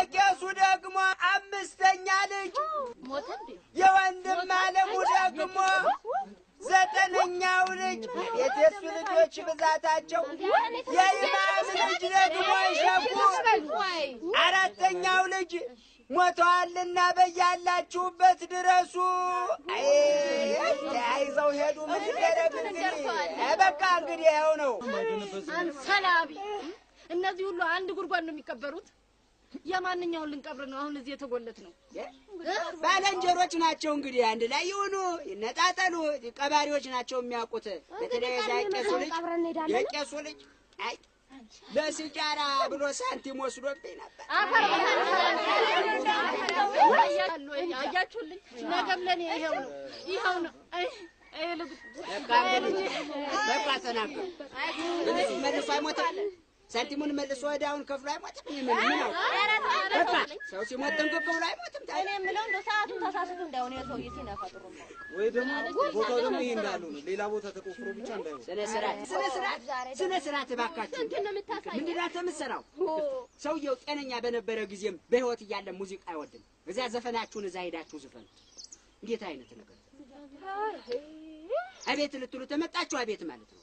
የቄሱ ደግሞ አምስተኛ ልጅ የወንድም አለሙ ደግሞ ዘጠነኛው ልጅ የቴሱ ልጆች ብዛታቸው የኢማም ልጅ ደግሞ ይሸኩ አራተኛው ልጅ ሞተዋልና በያላችሁበት ድረሱ። አይዘው ሄዱ። ምን ይደረግ እንግዲህ በቃ እንግዲህ ነው። ሰላቢ እነዚህ ሁሉ አንድ ጉድጓድ ነው የሚቀበሩት። የማንኛውን ልንቀብር ነው? አሁን እዚህ የተጎለት ነው። ባለንጀሮች ናቸው እንግዲህ አንድ ላይ ይሁኑ፣ ይነጣጠሉ። ቀባሪዎች ናቸው የሚያውቁት። በተለይ ቄሱ ልጅ የቄሱ ልጅ አይ ለሲጃራ ብሎ ሳንቲም ወስዶብኝ ነበር። አያችሁልኝ? ነገም ለኔ ይኸው ነው ይኸው ነው። በቃ ተናገሩ። መልሶ አይሞታለን ሳንቲሙን መልሶ ወደ አሁን ከፍሎ አይሞትም። ምን ነው ሰው ሲሞት ጠንቀቅ ብሎ አይሞትም። እኔ የምለው እንደ ሰዓቱ ተሳስቶ እንዳይሆን የሰውዬ ሲነፈጥሩ ወይ ደግሞ ቦታው ደግሞ ይሄ እንዳሉ ነው። ሌላ ቦታ ተቆፍሮ ብቻ እንዳይሆን ስነ ስርዓት፣ ስነ ስርዓት፣ ስነ ስርዓት እባካችሁ። ምንድን ናት የምትሰራው? ሰውየው ጤነኛ በነበረ ጊዜም በህይወት እያለ ሙዚቃ አይወድም። እዚያ ዘፈናችሁን እዛ ሄዳችሁ ዝፈኑ። እንዴት አይነት ነገር አቤት ልትሉ ተመጣችሁ? አቤት ማለት ነው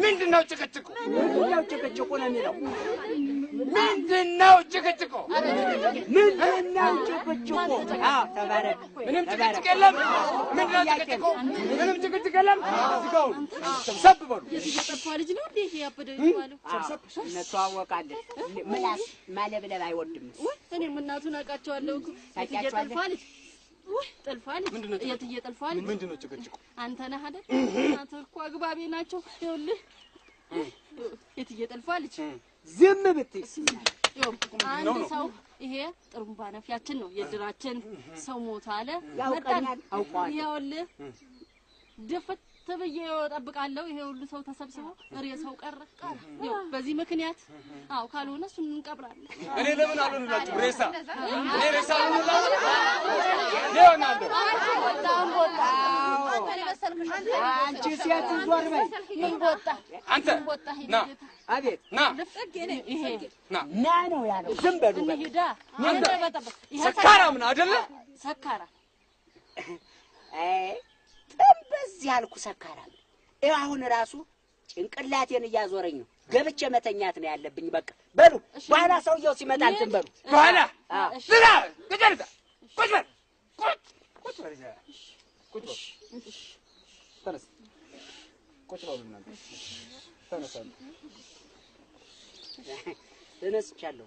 ምንድን ነው ጭቅጭቁ? ምንድን ነው ጭቅጭቁ ነው የሚለው? ምንድን ነው ጭቅጭቁ? ምንድን ነው ጭቅጭቁ? ምንም ጭቅጭቅ የለም። ምንድን ነው ጭቅጭቁ? ምንም ጭቅጭቅ የለም። ዝጋውን ሰብሰብ በሉ። የጠፋ ልጅ ነው እንዴ ያበደ ይባለው? ሰብሰብ እንተዋወቃለን። ምላስ ማለብለብ አይወድም። እኔም እናቱን አውቃቸዋለሁ። ታውቂያቸዋለህ? ጠልፏል። የትዬ ጠልፏል። ምንድን ጭቅጭቁ? አንተ ነህ አይደል? እናትህ እኮ አግባቤ ናቸው። ይኸውልህ የትዬ ጠልፏለች። ዝም ብትይ አንድ ሰው ይሄ ጥሩምባ ነፊያችን ነው የድራችን ሰው ሞት አለ። ያውቃል። ይኸውልህ ድፍት ትብዬ እጠብቃለሁ። ይሄ ሁሉ ሰው ተሰብስቦ ሰው ቀረ ቀረ። በዚህ ምክንያት አዎ፣ ካልሆነ እሱን እንቀብራለን። እኔ ለምን አልሆንላችሁ ሬሳ? እኔ ሬሳ አልሆንላችሁ ይሆናለሁ። አንቺ ሴት ዞር በይ። አንተ ና፣ አቤት ና፣ ይሄ ና ና ነው ያለው። ዝም በሉ እንሂዳ። ሰካራም ነው አይደለ? ሰካራ አይ ጥንብዝ ያልኩ ሰካራም። ይኸው አሁን ራሱ ጭንቅላቴን እያዞረኝ ነው። ገብቼ መተኛት ነው ያለብኝ። በቃ በሉ፣ በኋላ ሰውየው ሲመጣ እንትን በሉ። በኋላ ዝራ ግደልታ ቁጭ በል ቁጭ በል ቁጭ በል ተነስ፣ ቁጭ በሉ እናንተ ተነሳ። ተነስቻለሁ።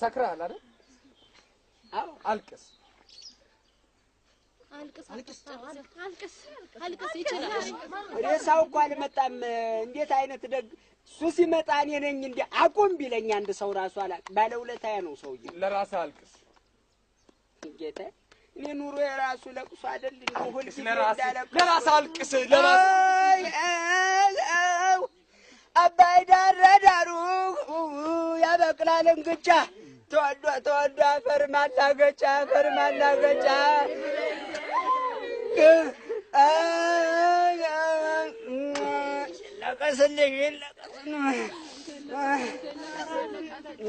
ሰክራ አይደል? አዎ። አልቅስ ሬሳው እኮ አልመጣም። እንዴት አይነት ደግ እሱ ሲመጣ እኔ ነኝ እንደ አቁም ቢለኝ አንድ ሰው ራሱ አላ ባለውለታ ነው ሰውዬ። ለራስህ አልቅስ ጌታ። እኔ ኑሮ የራሱ ለቅሶ አይደል እንደ ሁል ጊዜ እንዳለቅስ አልቅስ። ለራስህ አባይ ዳረ ዳሩ ያበቅላል እንግጫ ተወዷ ተወዷ አፈር ማላገጫ አፈር ማላገጫ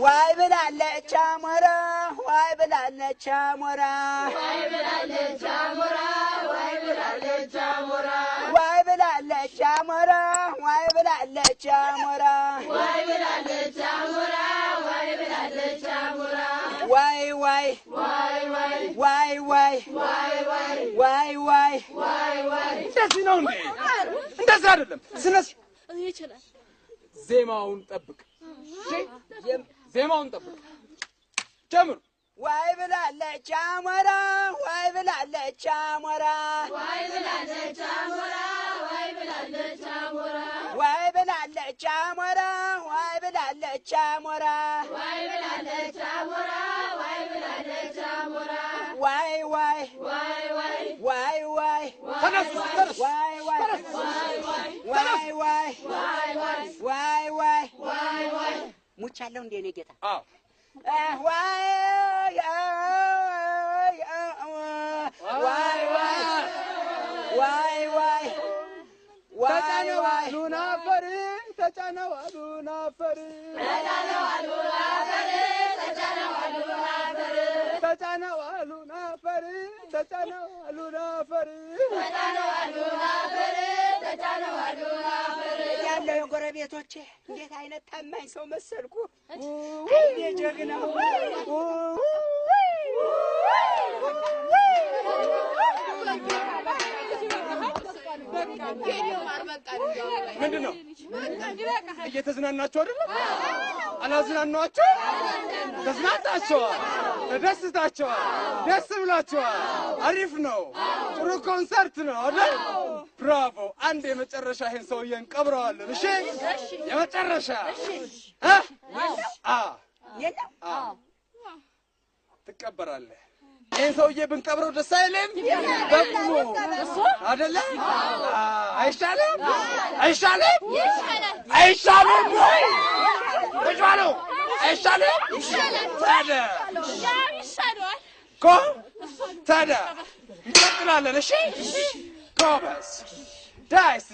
ዋይ ብላለች አሞራ ዋይ ብላለች አሞራ ዋይ ብላለች አሞራ ዋይ ብላለች አሞራ ብላለች አሞራ ዋይ ብላለች አሞራ ዋይ ብላለች አሞራ ዋይ ዋይ ዋይ ዋይ ዋይ ዋይ ዋይ ዋይ እንደዚህ ነው እንዴ? እንደዚህ አይደለም። ስነስ ይችላል። ዜማውን ጠብቅ፣ ዜማውን ጠብቅ። ጀምሩ ዋይ ብላለች አሞራ ዋይ ብላለች አሞራ ዋይ ብላለች አሞራ አሞራ ዋይ ብላለች አሞራ ዋይ ብላለች አሞራ ዋይ ብላለች አሞራ ዋይ ዋይ ዋይ ዋይ ዋይ ዋይ ተነሱ ተነሱ ዋይ ዋይ ዋይ ዋይ ዋይ ዋይ ዋይ ዋይ ሙቻለሁ እንደ እኔ ጌታ ዋይ ዋይ ዋይ ዋይ ዋይ ዋይ ተጫነው አሉን አፈር ተጫነው አሉን አፈር ተጫነው አሉን አፈር ተጫነው አሉን አፈር ተጫነው አሉን አፈር ተጫነው አሉን አፈር ተጫነው አሉን አፈር ያለው ጎረቤቶቼ እንዴት አይነት ታማኝ ሰው መሰልኩ እኔ ጀግናው ምንድን ነው እየተዝናናችሁ አይደለም? አላዝናናችሁ? ተዝናንታችኋል፣ ተደስታችኋል፣ ደስ ብላችኋል። አሪፍ ነው፣ ጥሩ ኮንሰርት ነው አይደል? ብራቮ። አንድ የመጨረሻ ይሄን ሰውዬ እንቀብረዋለን። እሺ፣ የመጨረሻ ትቀበራለህ። ይህን ሰውዬ ብንቀብረው ደስ አይልም? በቁሙ አደለ? አይሻልም? አይሻልም? አይሻልም? ነው አይሻልም? ታዲያ እኮ ታዲያ እንቀጥላለን። እሺ ጎበዝ።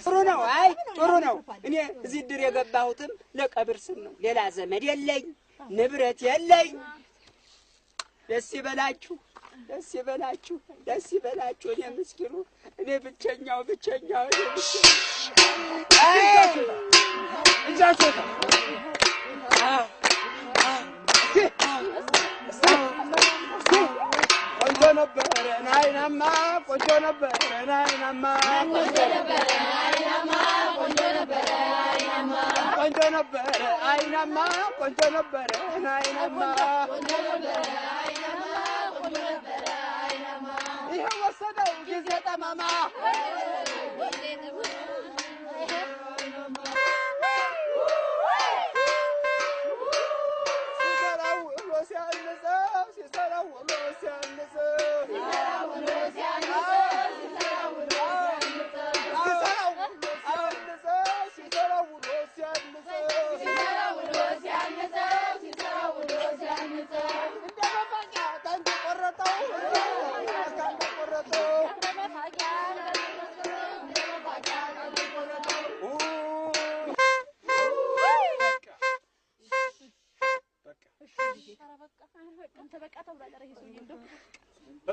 ጥሩ ነው። አይ ጥሩ ነው። እኔ እዚህ ድር የገባሁትም ለቀብር ስም ነው። ሌላ ዘመድ የለኝ፣ ንብረት የለኝ። ደስ ይበላችሁ። ደስ ይበላችሁ፣ ደስ ይበላችሁ። እኔ ምስኪኑ፣ እኔ ብቸኛው፣ ብቸኛው እኔ ቆንጆ ነበረ ናይናማ፣ ቆንጆ ነበረ ናይናማ፣ ቆንጆ ነበረ አይናማ፣ ቆንጆ ነበረ ናይናማ 你看我生得乌黑的妈妈。呜。呜。呜。呜。呜。呜。呜。呜。呜。呜。呜。呜。呜。呜。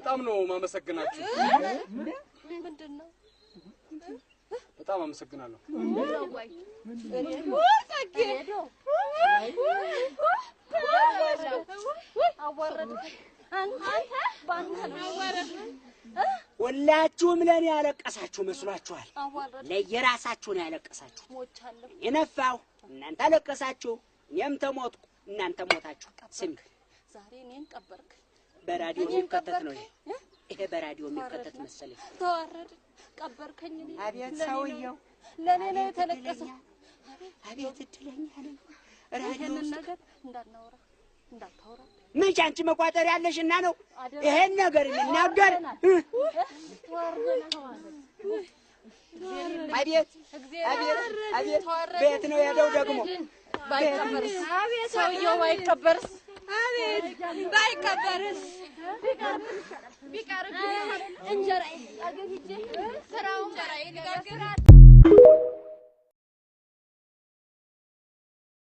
በጣም ነው ማመሰግናችሁ። ምንድን ነው? በጣም አመሰግናለሁ። ሁላችሁም ለእኔ ያለቀሳችሁ መስሏችኋል። ለየራሳችሁ ነው ያለቀሳችሁ። የነፋው እናንተ አለቀሳችሁ፣ እኔም ተሞትኩ፣ እናንተ ሞታችሁ። ስሚ ዛሬ እኔን ቀበርክ በራዲዮ የሚከተት ነው ይሄ በራዲዮ የሚከተት መሰለኝ። ተዋረድ ቀበርከኝ። አቤት ሰውየው ለኔ ነው የተለቀሰው። አቤት እድለኛ ነኝ። ራዲዮ ነገር እንዳናወራ እንዳታወራ መች አንቺ መቋጠር ያለሽና ነው ይሄን ነገር የሚናገር። አቤት አቤት ቤት ነው የሄደው ደግሞ ባይቀበርስ፣ ሰውየው ባይቀበርስ አቤት ባይከበርስ ቢቀርብ እንጀራ አገኝቼ ስራውን ጋራ